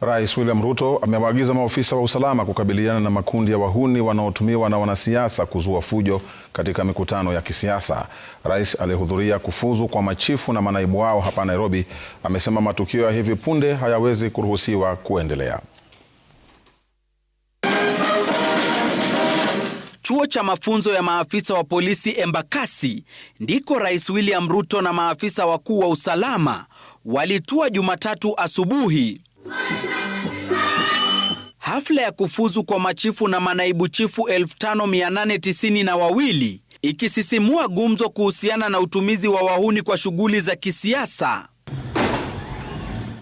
Rais William Ruto amewaagiza maofisa wa usalama kukabiliana na makundi ya wahuni wanaotumiwa na wanasiasa kuzua fujo katika mikutano ya kisiasa. Rais aliyehudhuria kufuzu kwa machifu na manaibu wao hapa Nairobi amesema matukio ya hivi punde hayawezi kuruhusiwa kuendelea. Chuo cha mafunzo ya maafisa wa polisi Embakasi ndiko Rais William Ruto na maafisa wakuu wa usalama walitua Jumatatu asubuhi Hafla ya kufuzu kwa machifu na manaibu chifu 5892 ikisisimua gumzo kuhusiana na utumizi wa wahuni kwa shughuli za kisiasa.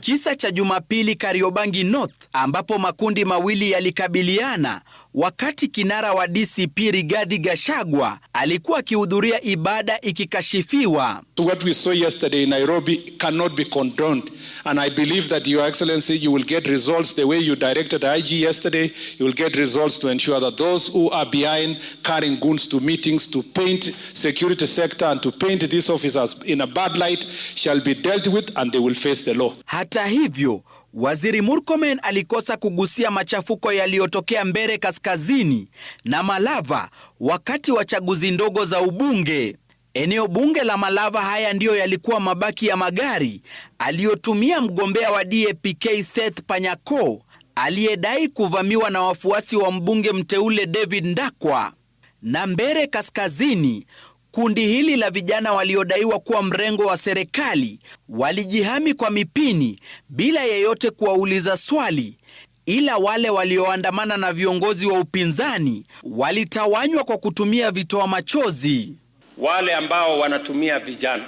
Kisa cha Jumapili Kariobangi North ambapo makundi mawili yalikabiliana wakati kinara wa DCP Rigathi Gachagua alikuwa akihudhuria ibada ikikashifiwa. So what we saw yesterday in Nairobi cannot be condoned and I believe that your excellency you will get results the way you directed IG yesterday you will get results to ensure that those who are behind carrying guns to meetings to paint security sector and to paint these officers in a bad light shall be dealt with and they will face the law. Hata hivyo Waziri Murkomen alikosa kugusia machafuko yaliyotokea mbere Kaskazini na Malava wakati wa chaguzi ndogo za ubunge. Eneo bunge la Malava, haya ndiyo yalikuwa mabaki ya magari aliyotumia mgombea wa dap Seth Panyako aliyedai kuvamiwa na wafuasi wa mbunge mteule David Ndakwa. Na mbere Kaskazini Kundi hili la vijana waliodaiwa kuwa mrengo wa serikali walijihami kwa mipini bila yeyote kuwauliza swali, ila wale walioandamana na viongozi wa upinzani walitawanywa kwa kutumia vitoa machozi. Wale ambao wanatumia vijana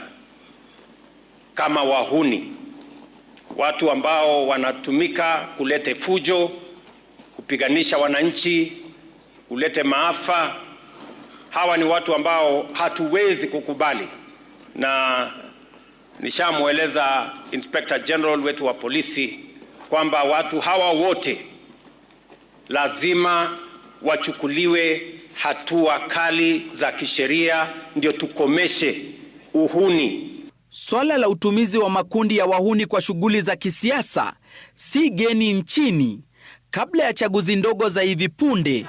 kama wahuni, watu ambao wanatumika kulete fujo, kupiganisha wananchi, kulete maafa hawa ni watu ambao hatuwezi kukubali, na nishamweleza Inspector General wetu wa polisi kwamba watu hawa wote lazima wachukuliwe hatua kali za kisheria, ndio tukomeshe uhuni. Swala la utumizi wa makundi ya wahuni kwa shughuli za kisiasa si geni nchini. Kabla ya chaguzi ndogo za hivi punde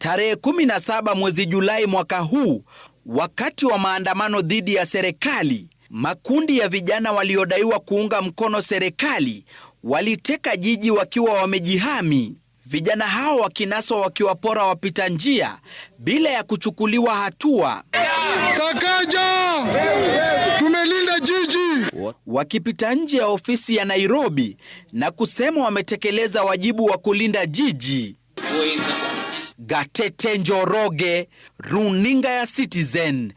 Tarehe 17 mwezi Julai mwaka huu, wakati wa maandamano dhidi ya serikali, makundi ya vijana waliodaiwa kuunga mkono serikali waliteka jiji wakiwa wamejihami. Vijana hao wakinaswa wakiwapora wapita njia bila ya kuchukuliwa hatua. Sakaja, tumelinda jiji. Wakipita nje ya ofisi ya Nairobi na kusema wametekeleza wajibu wa kulinda jiji. Gatete Njoroge, runinga ya Citizen.